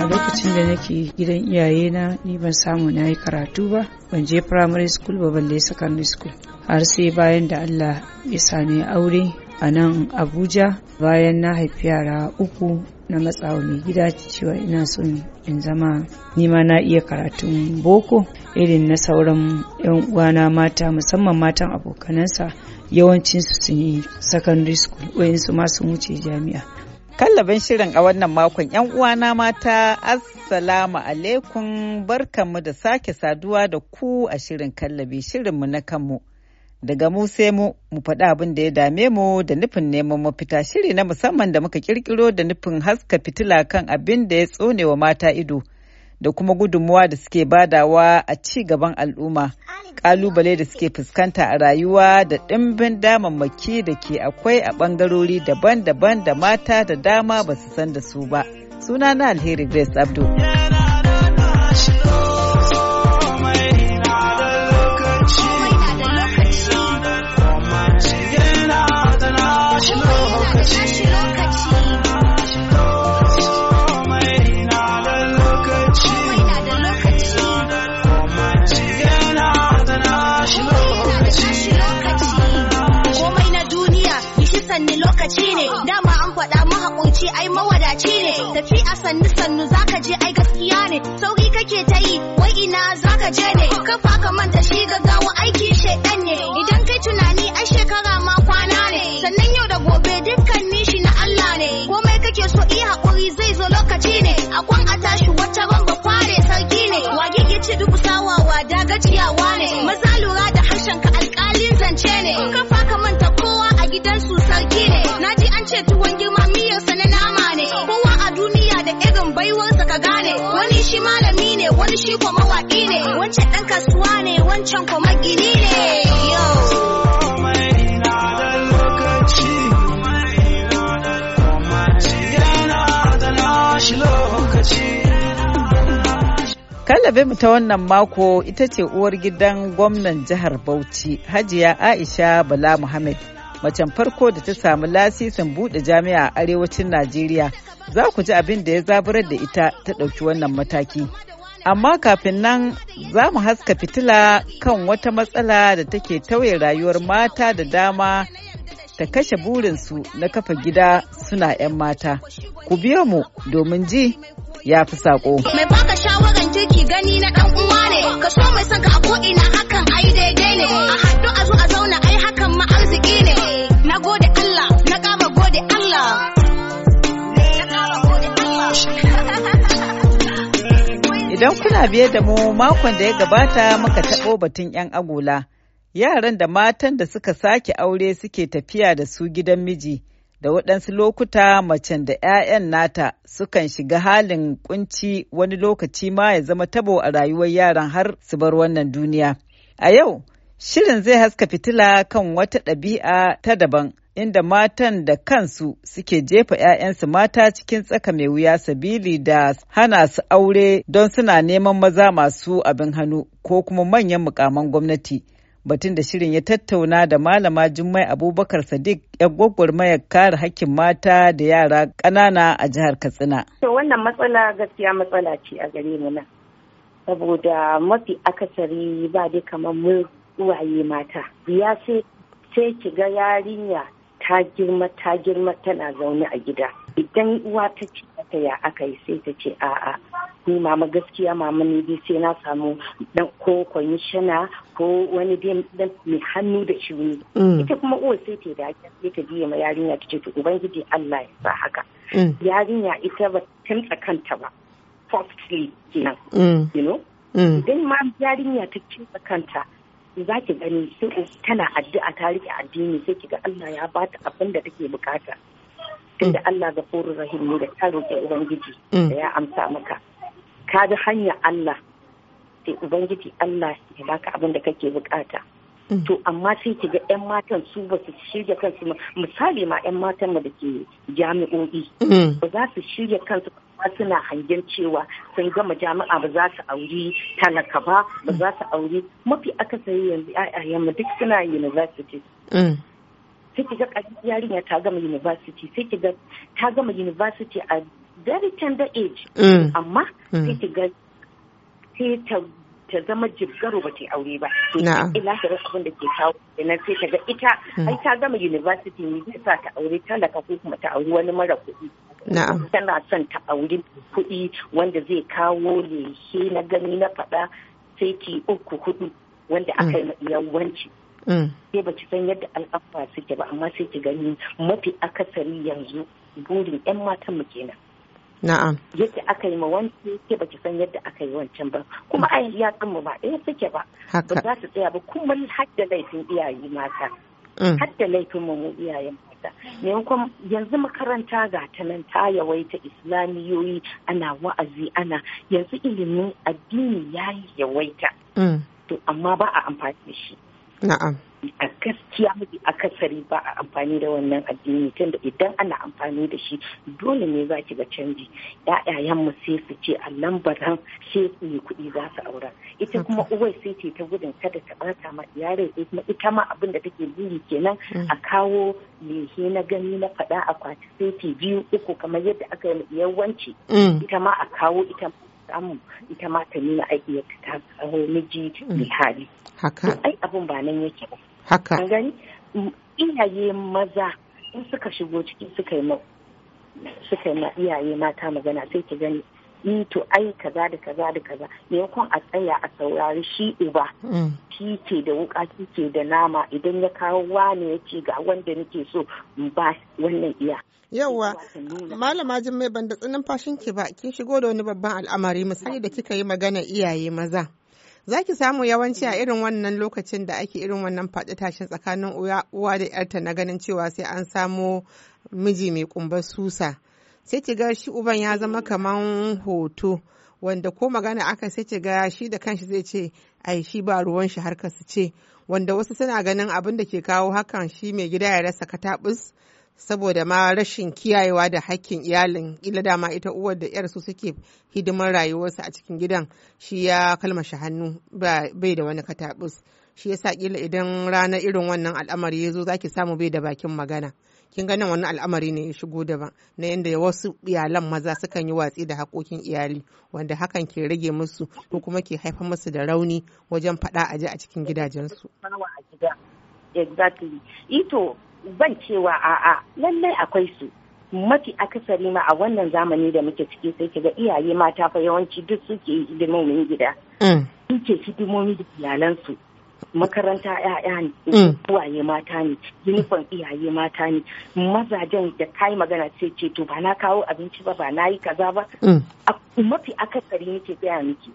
lokacin da nake gidan iyayena ni ban samu na yi karatu ba ban je primary school ba balle secondary school har sai bayan da allah ya sani aure a nan abuja bayan na haifi yara uku na matsawa mai gida cewa ina son in zama nima na iya karatun boko irin na sauran 'yan uwana mata musamman matan abokanansa yawancinsu sun yi secondary school wayansu ma sun wuce jami'a Kallabin shirin a wannan makon 'yan uwana mata Assalamu alaikum barkanmu da sake saduwa da ku a shirin kallabi shirinmu na kanmu. daga mu sai mu mu faɗi abin da ya dame mu da nufin neman mafita shiri na musamman da muka kirkiro da nufin haska fitila kan abin da ya tsone wa mata ido da kuma gudunmuwa da suke badawa a ci gaban al'umma kalubale da suke fuskanta a rayuwa da ɗimbin damammaki da ke akwai a ɓangarori daban-daban da mata da dama ba su san da su ba sunana alheri grace abdul sanni lokaci ne dama an faɗa mahaƙunci ai mawadaci ne tafi a sanni sannu zaka je ai gaskiya ne sauki kake ta yi wai ina zaka je ne kafa ka manta shi gaggawa aiki shedan ne idan kai tunani ai shekara ma kwana ne sannan yau da gobe dukkan shi na Allah ne komai kake so yi haƙuri zai zo lokaci ne akwan a tashi wata ba kware sarki ne wage ya ce duk sawawa dagaciyawa ne maza lura da harshen ka alƙalin zance ne kafa ka manta kuɗi ne an ce tuwon girma miyarsa na nama ne kowa a duniya da irin baiwarsa ka gane wani shi malami ne wani shi kuma mawaƙi ne wancan ɗan kasuwa ne wancan kuma gini ne yo mu ta wannan mako ita ce uwar gidan gwamnan jihar Bauchi, Hajiya Aisha Bala Muhammad. macen farko da ta samu lasisin buɗe jami'a a arewacin Najeriya. Za ku ji abin da ya zaburar da ita ta ɗauki wannan mataki. Amma kafin nan za mu haska fitila kan wata matsala da take tauye rayuwar mata da dama ta kashe burinsu na kafa gida suna 'yan mata. Ku biyo mu domin ji ya fi saƙo. Mai baka shawaran kirki gani na ɗan uwa ne, ka so mai son ka a ko'ina hakan ai daidai ne, a haɗu a zo a zauna ai hakan ma arziki ne. Idan kuna biye da mu makon da ya gabata muka taɓo batun 'yan agola, yaran da matan da suka sake aure suke tafiya da su gidan miji, da waɗansu lokuta macen da 'ya'yan nata sukan shiga halin kunci wani lokaci ma ya zama tabo a rayuwar yaran har su bar wannan duniya. A yau, shirin zai haska fitila kan wata ɗabi'a ta daban. inda matan da kansu suke jefa 'ya'yansu mata cikin tsaka mai wuya sabili da hana su aure don suna neman maza masu abin hannu ko kuma manyan mukaman gwamnati. Batun da shirin ya tattauna da malama Jummai Abubakar Sadiq 'yan maya kare hakkin mata da yara ƙanana a jihar Katsina. To wannan matsala gaskiya matsala ce a gare mu nan. Saboda mafi akasari ba dai kamar mu uwaye mata. Ya sai ki ga yarinya ta girma ta girma tana zaune a gida idan uwa ta ce mata ya aka yi sai ta ce a'a ni mama gaskiya mama ne dai sai na samu dan ko kwamishina ko wani dai mai hannu da shuni mm. ita kuma uwa sai ta da sai ta biya ma yarinya ta ce to ubangiji Allah ya sa haka mm. yarinya ita ba tantsa kanta ba firstly kenan mm. you know idan ma yarinya ta kintsa kanta za ki gani tana addu'a ta rike addini sai ki ga Allah ya bata abin da take bukata tunda mm. Allah ga rahim ne da ta roƙi ubangiji mm. da ya amsa maka ka ga hanya Allah sai ubangiji Allah ya baka abin da kake bukata mm. to amma sai ki ga yan matan su ba su shirya kansu misali ma yan matan da ke jami'o'i ba za su shirya kansu har suna hangen cewa sun gama jami'a ba za su auri talaka ba ba za su auri mafi aka sayi yanzu mu duk suna university mm. sai kiga yarinya ta gama university sai ga ta gama university a very tender age mm. amma mm. sai ga sai ta ta zama jibgaro ba ta aure ba. Ilahirar abin da ke kawo kenan sai ta ga ita ai ta gama university ne zai sa ta aure talaka ko kuma ta auri wani mara kuɗi. tana son ta auri kuɗi wanda zai kawo lehe na gani na faɗa Sai ki uku hudu wanda mm. aka yi yawanci sai mm. ba ki san yadda al'amma suke ba amma sai ki gani mafi akasari yanzu burin 'yan matan mu kenan Na'am. Yadda aka yi ma wancan ke baki san yadda aka yi wancan ba. Kuma mm. a ya mu ba ɗaya suke ba. Haka. Ba za su tsaya ba kuma har da laifin iyaye mata. Har da laifin mu iyayen mata. makaranta maimakon yanzu makaranta ga ta nan ta yawaita islamiyoyi ana wa'azi ana yanzu ilimin addini ya yawaita mm. to amma ba a amfani da shi na'am a gaskiya mafi akasari ba a amfani da wannan addini da idan ana amfani da shi dole ne za ki ga canji ƴaƴayen mu sai su ce a lambaran sai su kuɗi za su aura ita kuma uwai sai ce ta gudun kada ta ɓata ma iyalai sai kuma ita ma abin da take buri kenan mm. a kawo lehe na gani na faɗa akwati sai biyu uku kamar yadda aka yi yawanci mm. ita ma a kawo ita samu ita ma ta nuna aiki ta kawo miji mai mm. hali. Haka. Ai abin ba nan yake ba. haka gani iyaye maza in suka shigo ciki suka yi ma suka yi ma iyaye mata magana sai ki gani ni to ai kaza da kaza da kaza maimakon a tsaya a saurari shi uba shi mm. da wuka kike da nama idan ya kawo wani ya ce ga wanda nake so ba wannan iya yawa malama jin mai ban da tsinin fashin ki ba kin shigo da wani babban al'amari misali da kika yi magana iyaye maza za ki samu yawanci a mm. irin wannan lokacin da ake irin wannan faɗi tashin tsakanin uwa da yarta na ganin cewa sai an samo miji mai kumbar susa sai ki ga shi uban ya zama kamar hoto wanda ko magana aka sai ki ga shi da kanshi zai ce ai shi ba ruwan shi harkar su ce wanda wasu suna ganin abin da ke kawo hakan shi mai gida ya rasa katabus saboda ma rashin kiyayewa da hakkin iyalin ila dama ita uwar da yar su suke hidimar rayuwarsu a cikin gidan shi ya kalmashi hannu bai da wani katabus shi yasa kila idan ranar irin wannan al'amari ya zo zaki samu bai da bakin magana kin ganin wani al'amari ne ya shigo daban na yadda wasu iyalan maza sukan yi watsi da haƙoƙin iyali wanda hakan ke rage musu ko kuma ke haifar musu da rauni wajen faɗa a a cikin gidajensu. zan cewa a'a lallai akwai su mafi akasari ma a wannan zamani da muke ciki sai kaga iyaye mata fa yawanci duk suke hidimomin gida mm. suke hidimomi da iyalansu makaranta ya'ya ne mm. uwaye mata ne uniform iyaye mata ne mazajen da kai magana sai ce to ba na kawo abinci ba ba na yi kaza ba mm. mafi akasari muke gaya miki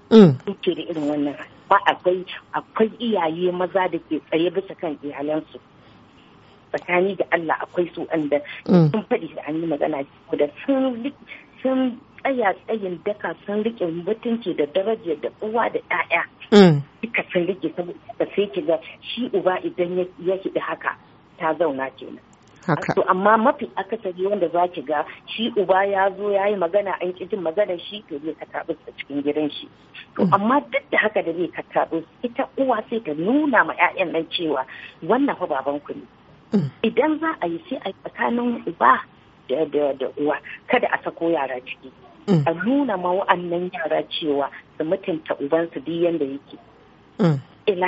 muke da irin wannan ba akwai akwai iyaye maza da ke tsaye bisa kan iyalansu tsakani da Allah akwai su wanda mm. sun faɗi da an yi magana da sun tsaya tsayin daka sun riƙe mutunci da daraja da uwa da ɗaya. Mm. Duka sun rike saboda sai ki ga shi uba idan ya kiɗi haka ta zauna kenan. Haka. To amma mafi akasari wanda za ki ga shi uba ya zo ya yi magana an ƙi jin magana shi to zai taɓa a cikin gidan shi. To mm. amma duk da haka da zai kataɓi ita uwa sai ta nuna ma 'ya'yan nan cewa wannan fa babanku ne. idan za a yi sai a yi tsakanin uba da uwa kada a sako yara ciki mm. a nuna ma wa'annan yara cewa su mutunta ubansu duk yadda yake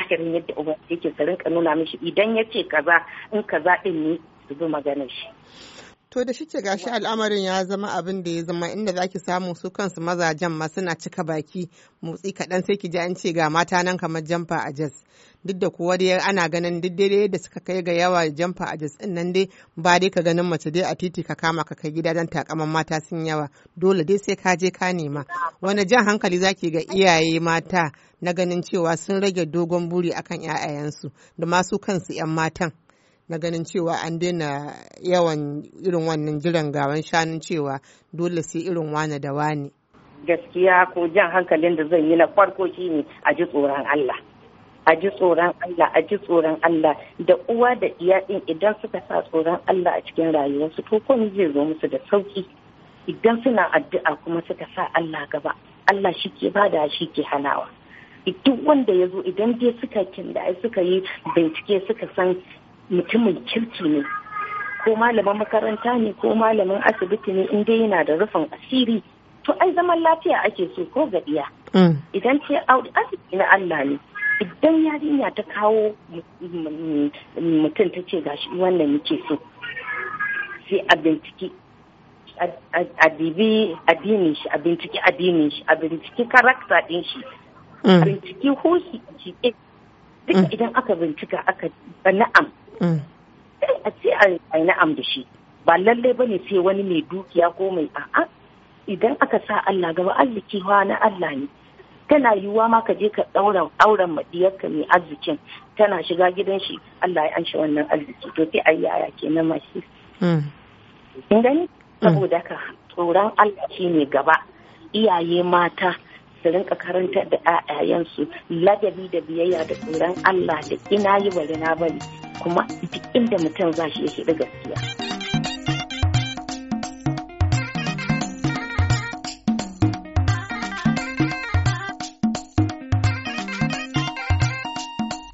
shirin mm. yadda ubansu yake su rinka nuna mishi idan ya ce kaza in kaza din ne su bi maganar shi To da shi ce gashi al'amarin ya zama abin da ya zama inda zaki samu su kansu mazajen ma suna cika baki motsi kaɗan sai ki ji an ce ga mata nan kamar jamfa a jas. Duk da kuwa dai ana ganin duk dai da suka kai ga yawa jamfa a jas ɗin nan dai ba dai ka ganin mace dai a titi ka kama ka kai gida don takaman mata sun yawa dole dai sai ka je ka nema. Wani jan hankali za ki ga iyaye mata na ganin cewa sun rage dogon buri akan 'ya'yayensu da masu kansu 'yan matan. na ganin cewa an daina yawan irin wannan jiran gawan shanun cewa dole sai irin wane da wane gaskiya ko jan hankalin da zan yi na farko shine a ji tsoron Allah a ji tsoron Allah a ji tsoron Allah da uwa da iya din idan suka sa tsoron Allah a cikin rayuwarsu to komai zai zo musu da sauki idan suna addu'a kuma suka sa Allah gaba Allah shi ke bada shi ke hanawa duk wanda ya zo idan dai suka kin da suka yi bincike suka san mutumin kirki ne ko malamin makaranta ne ko malamin asibiti ne in dai yana da rufin asiri to ai zaman lafiya ake so ko gaɗiya mm. idan ce asibiti na Allah ne idan yarinya ta kawo mutum ta ce gashi wannan yake so sai a bincike a dibi shi a shi a karakta din shi a hosi shi duk idan aka bincika aka na'am Mm. sai a ce a yi na'am da shi ba lallai ba ne sai wani mai dukiya ko mai a'a idan aka sa Allah gaba arzikewa na Allah ne tana yiwuwa ma ka je ka ɗaura auren maɗiyarka mai arzikin tana shiga gidan shi Allah ya anshi wannan arziki to sai a yaya kenan ma shi mm. kin mm. saboda ka tsoron Allah ne gaba iyaye mata su rinka karantar da 'ya'yayensu ladabi da biyayya da tsoron Allah da ina yi bari na bari kuma duk inda mutum za shi yake da gaskiya.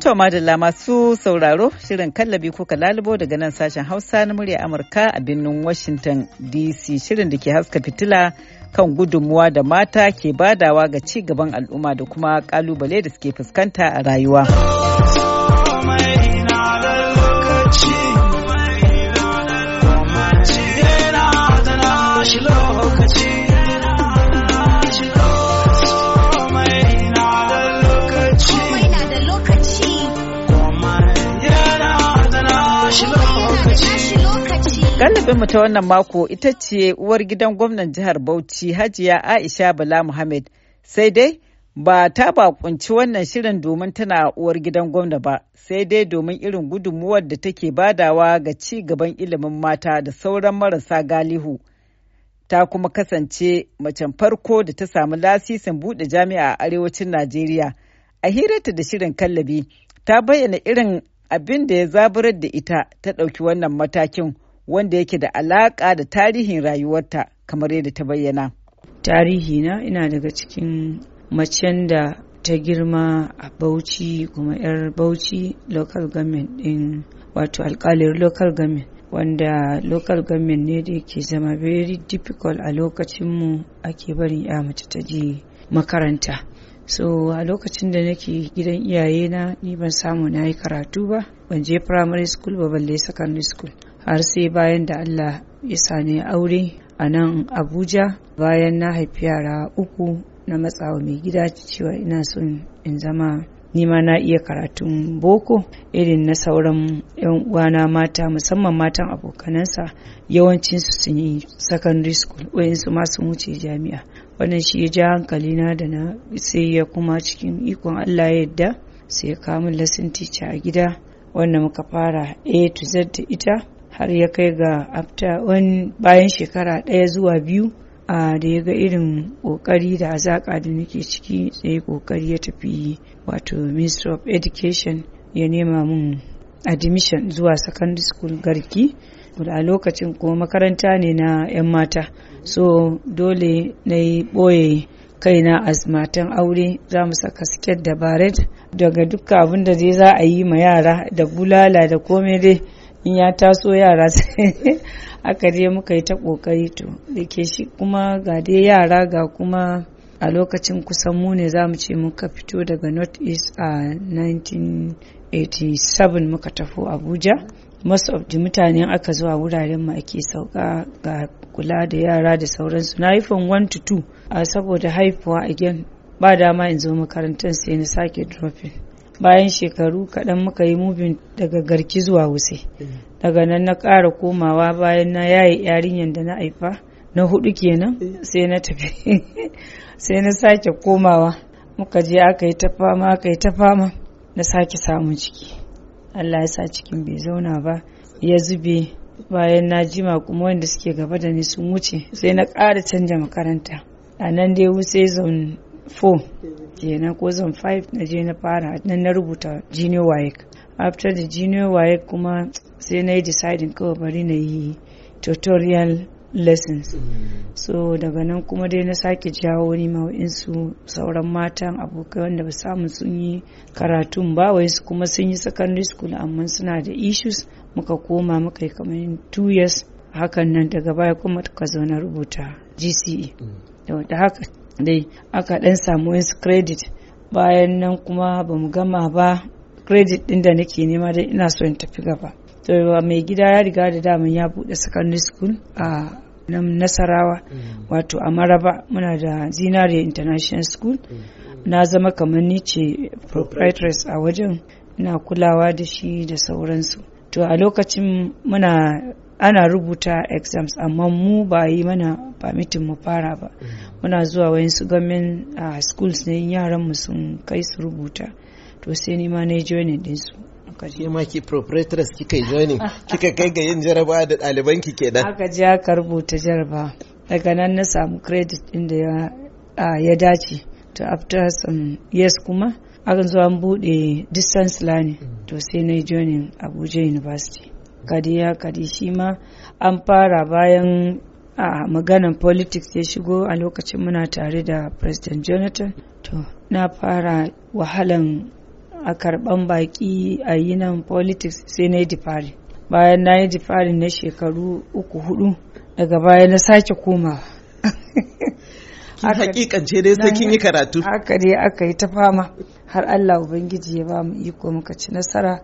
To madalla masu sauraro shirin kallabi kuka lalubo daga nan sashen Hausa na murya Amurka a birnin Washington DC shirin da ke haska fitila kan gudunmuwa da mata ke badawa ga ci gaban al'umma da kuma kalubale da suke fuskanta a rayuwa. mu ta wannan mako ita ce uwar gidan gwamnan jihar Bauchi Hajiya Aisha Bala Muhammad. Sai dai ba ta bakunci wannan shirin domin tana uwar gidan gwamna ba, sai dai domin irin gudunmuwar da take badawa ga ci gaban ilimin mata da sauran marasa galihu. Ta kuma kasance macen farko da ta samu lasisin buɗe jami'a a arewacin Najeriya. A hirarta da shirin kallabi, ta bayyana irin abin da ya zaburar da ita ta ɗauki wannan matakin. wanda yake da alaƙa da tarihin rayuwarta kamar yadda ta bayyana. Tarihi na ina daga cikin macen da ta girma a Bauchi kuma 'yar Bauchi local government din wato alkalin local government wanda local government ne da yake zama very difficult a lokacin lokacinmu ake barin ya mace ta je makaranta. so a lokacin da nake gidan iyayena ni ban samu na yi karatu ba ban je primary school ba balle secondary school har sai bayan da Allah ya sani aure a nan Abuja bayan na haifi yara uku na matsawa mai gida cewa ina son in zama nima na iya karatun boko irin na sauran 'yan uwana mata musamman matan abokanansa yawancinsu sun yi secondary school wayansu ma wuce jami'a wannan shi ya ja hankalina da na sai ya kuma cikin ikon allah ya yadda sai ya kamun lesson teacher a gida wannan muka fara a to z da ita har ya kai ga afta wani bayan shekara ɗaya zuwa biyu a da ya ga irin ƙoƙari da azaƙa da nake ciki sai ƙoƙari ya tafi wato minister of education ya nema mun admission zuwa secondary school garki a lokacin kuma makaranta ne na 'yan mata so dole na yi ɓoye kaina a matan aure za mu saka siket da baret daga dukkan abin da zai za a yi ma yara da bulala da komai dai in ya taso yara sai aka je muka yi ta kokari to da ke shi kuma ga dai yara ga kuma a lokacin kusan mu ne za mu ce muka fito daga north east a 1987 muka tafi abuja most of the mutanen aka zuwa wuraren mu ake sauka ga kula da yara da sauransu na yi haifan 1 to 2 saboda haifuwa again ba dama in zo makarantar sai na sake dropping bayan shekaru kaɗan muka yi mubin daga garki zuwa wuse daga nan na ƙara komawa bayan na yaye yarinyar da na haifa na hudu kenan sai na tafi sai na sake komawa muka je aka yi ta fama aka yi ta fama na sake samun ciki allah ya sa cikin bai zauna ba ya zube bayan na jima kuma wanda suke gaba da ni sun wuce sai na ƙara canja makaranta a nan dai wuse zaune 4 na ko zan 5 na je na fara nan na rubuta junior waik after the junior waik kuma sai na yi deciding kawai bari na yi tutorial lessons so daga nan kuma dai na sake jawo ni ma su sauran matan abokai wanda ba samu sun yi karatun ba wai su kuma sun yi secondary school amma suna da issues muka koma muka yi kamar two years hakan nan daga baya kuma ka zo na rubuta gce mm. da haka dai aka ɗan samu wasu credit bayan nan kuma ba mu gama ba credit ɗin da nake nema dai ina so in tafi gaba to mai gida ya riga da daman ya buɗe secondary school a nan nasarawa mm. wato a maraba muna da zinare international school mm. na zama kamar ni ce proprietress a wajen ina kulawa da shi da sauransu to a lokacin muna ana rubuta exams amma mu ba yi mana permitin mu fara ba mm. muna zuwa wayan su gamin a ah, schools ne yaran mu sun kai su rubuta to sai ni ma na joining din su ke ma ki proprietress kika joining kika kai ga yin jaraba da ɗaliban ki kenan aka je aka rubuta jaraba daga nan na samu credit din da ya dace to after some years kuma akan zo an buɗe distance learning mm. to sai na joining Abuja University kadi kadi shi ma an fara bayan a maganan politics ya shigo a lokacin muna tare da president jonathan to na fara wahalan a karban baki a yi nan politics sai na yi difari bayan na yi difari na shekaru uku hudu daga baya na sake komawa ce dai sai kin yi karatu haka dai aka yi ta fama har allah ubangiji ya ba mu iko muka ci nasara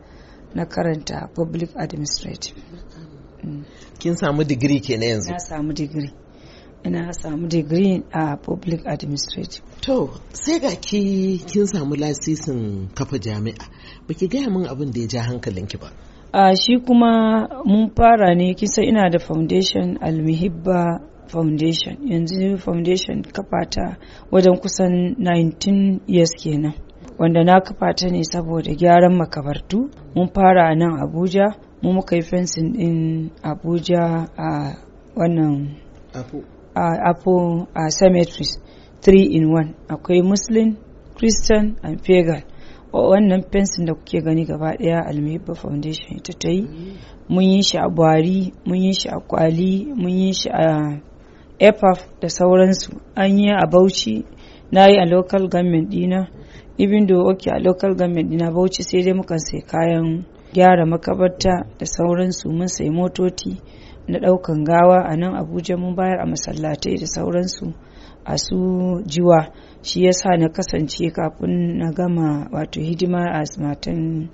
na karanta public administrative mm. kin samu digiri ke na yanzu na samu digiri ina samu digiri a public administrative to sai ga ki kin samu lasisin kafa jami'a baki gaya min abin da ya ja hankalinki ba a shi kuma mun fara ne kisa ina da foundation almihibba foundation yanzu foundation kafata wajen kusan 19 years kenan wanda na kafa ta ne saboda gyaran makabartu mun fara nan abuja mu muka yi fensin din abuja a wannan apo a cemeteries 3 in 1 akwai muslim christian and pagan wannan fensin da kuke gani gaba daya almeba foundation ita ta yi mun yi shi a buhari mun yi shi a kwali mun yi shi a epaf da sauransu an yi a bauchi na yi a local government dina even though okay a local government na bauchi sai dai muka sai kayan gyara makabarta da sauransu mun sai motoci na daukan gawa a nan abuja mun bayar a masallatai da sauransu a su jiwa shi yasa na kasance kafin na gama wato hidima a matan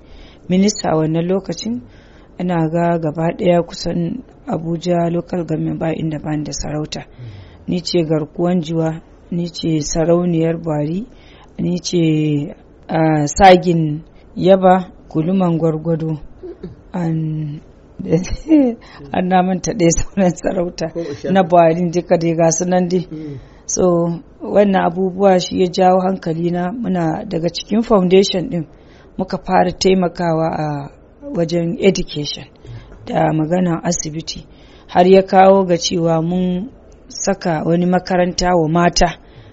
minista wannan lokacin Ina ga gaba daya kusan abuja local government ba inda bani da sarauta ni ce garkuwan jiwa ni ce sarauniyar bari ni ce a sagin yaba kuluman gwargwado an na manta ɗaya sauran sarauta na buhari duka dai ga nan dai hmm. so wannan abubuwa shi ya jawo hankali na muna daga cikin foundation din muka fara taimakawa a wajen education da magana asibiti har ya kawo ga cewa mun saka wani makaranta wa mata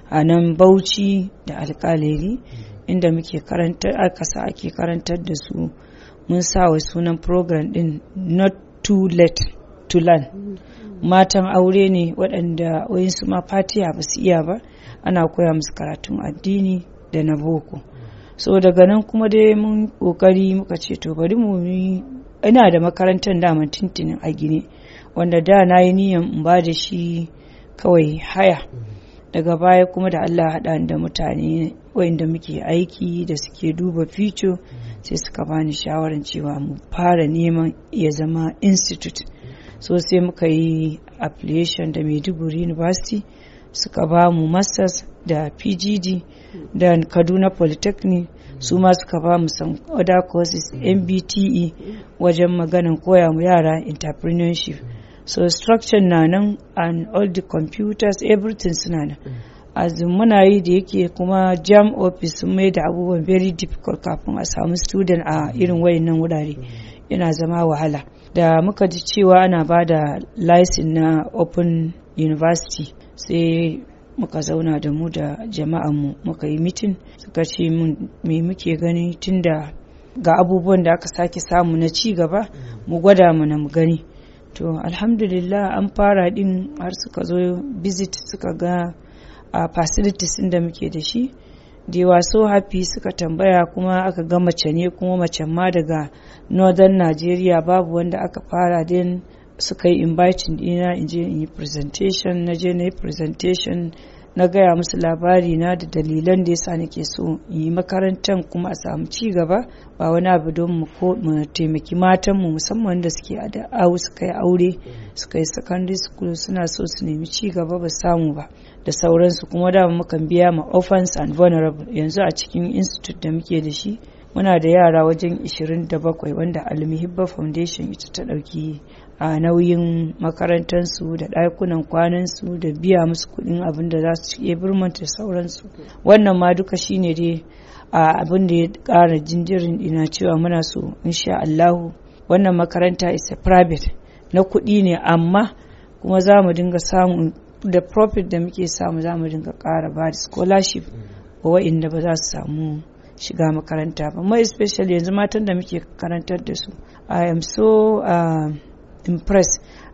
a nan bauchi da alkaleri inda muke karantar kasa ake karantar da su mun sa wa sunan program din not too late to learn matan aure ne waɗanda wayansu ma fatiya ba su iya ba ana koya musu karatun addini da na boko so daga nan kuma dai mun kokari muka ce to bari mu ina da makarantar dama tintinin a gine wanda da na yi niyan in ba da shi kawai haya daga baya kuma da Allah haɗa da mutane wayanda muke aiki da suke duba fico sai suka bani shawarar cewa mu fara neman ya zama institute so sai muka yi affiliation da maiduguri university suka ba mu masters da pgd da kaduna polytechnic su ma suka ba mu san other courses mbte wajen maganin koya mu yara entrepreneurship so structure na nan and all the computers everything suna nan as muna yi da yake kuma jam office sun mai da abubuwan very difficult kafin a samu student a irin wayannan wurare yana zama wahala da muka ji cewa ana ba da license na open university sai muka zauna da mu da mu muka yi mitin suka ce me muke gani tunda ga abubuwan da aka sake samu na ci gaba mu gwada mu na mu gani to alhamdulillah an fara din har suka zo visit suka ga a facilities da muke da shi da yawa so happy suka tambaya kuma aka ga mace ne kuma mace ma daga northern nigeria babu wanda aka fara din suka yi inviting dina in je in yi presentation na je na yi presentation na gaya musu labari na da dalilan da yasa nake so in yi makarantar kuma a samu ci gaba ba wani abu don mu ko mu taimaki matan mu musamman da suke da awu suka yi aure suka yi secondary school suna so su nemi ci gaba ba samu ba da sauransu kuma da mukan biya ma orphans and vulnerable yanzu a cikin institute da muke da shi muna da yara wajen 27 wanda almihibba foundation ita ta ɗauki a nauyin makarantarsu da ɗakunan kwanansu da biya musu kuɗin abin da za su ci birmanta sauransu wannan ma duka shine dai abin da ya ƙara jinjirin ina cewa muna so insha Allahu wannan makaranta is a private na kuɗi ne amma kuma za mu dinga samu da profit da muke samu za mu dinga ƙara ba da scholarship ga wa'inda ba za su samu shiga makaranta ba mai especially yanzu matan da muke karantar da su i am so um, impress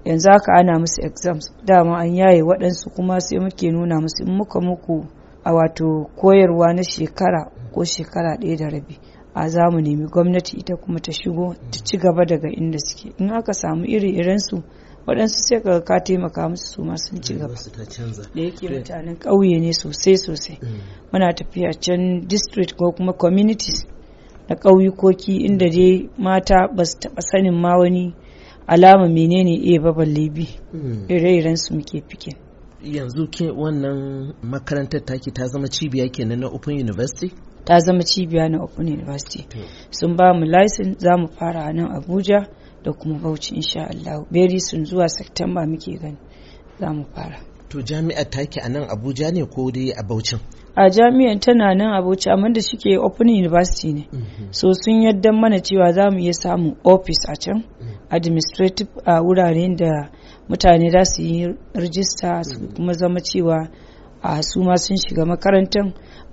yanzu haka ana musu exams dama an yaye waɗansu kuma sai muke nuna musu in muka muku a wato koyarwa na shekara ko shekara ɗaya da rabi a za nemi gwamnati ita kuma ta shigo ta ci gaba daga inda suke in aka samu iri irinsu waɗansu sai ka ka taimaka musu su ma sun ci gaba da yake eh. mutanen ƙauye ne sosai sosai mm. muna tafiya can district ko kuma communities na ƙauyukoki inda dai mata ba su taɓa sanin ma wani alama menene iya babal libi hmm. ire-iren su muke fike yanzu ke wannan makarantar taki ta zama cibiya kenan na open university ta zama cibiya na open university sun ba mu license za mu fara a nan abuja da kuma bauchi insha Allah beri sun zuwa september muke gani za mu fara to jami'ar taki a nan abuja ne ko dai a bauchin a jami'an tana nan abuja amma da shike open university ne mhm. so sun yadda mana cewa za mu iya samun office a can mm -hmm. administrative a wuraren da mutane za su yi rijista su mm-hmm. kuma zama cewa a su ma sun shiga makarantar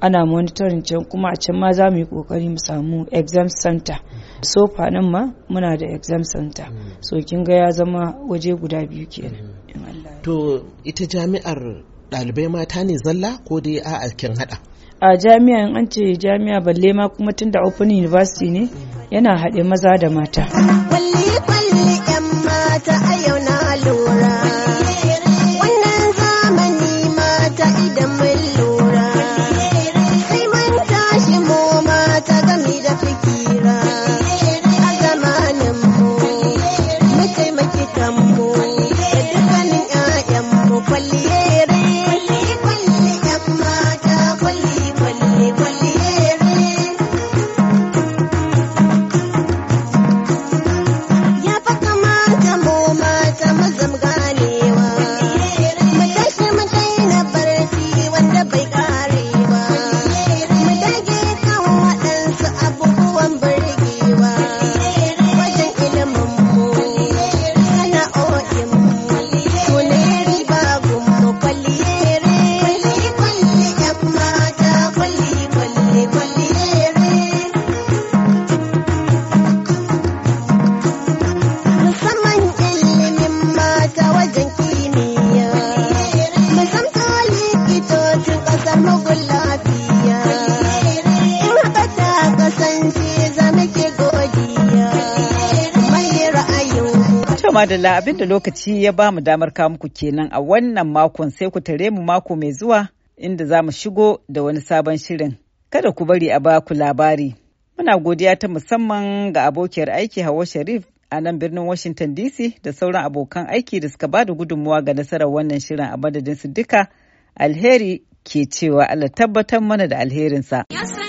ana monitoring can kuma a can ma za mu yi kokari mu samu exam center mm-hmm. so nan ma muna da exam center mm-hmm. so kin ga ya zama waje guda biyu kenan to ita jami'ar ɗalibai mata ne zalla ko dai a'a kin hada a jami'a in an ce jami'a balle ma kuma tunda open university ne yana haɗe maza da mata. Kwalli kwalli 'yan mata a yau madalla da lokaci ya ba mu damar kawo muku kenan a wannan makon sai ku tare mu mako mai zuwa inda za mu shigo da wani sabon shirin. Kada ku bari a ba ku labari. Muna godiya ta musamman ga abokiyar aiki Hawa Sharif a nan birnin Washington DC da sauran abokan aiki da suka ba da gudunmuwa ga nasarar wannan shirin a madadin su duka. Alheri ke cewa Allah tabbatar mana da alherinsa. Yes,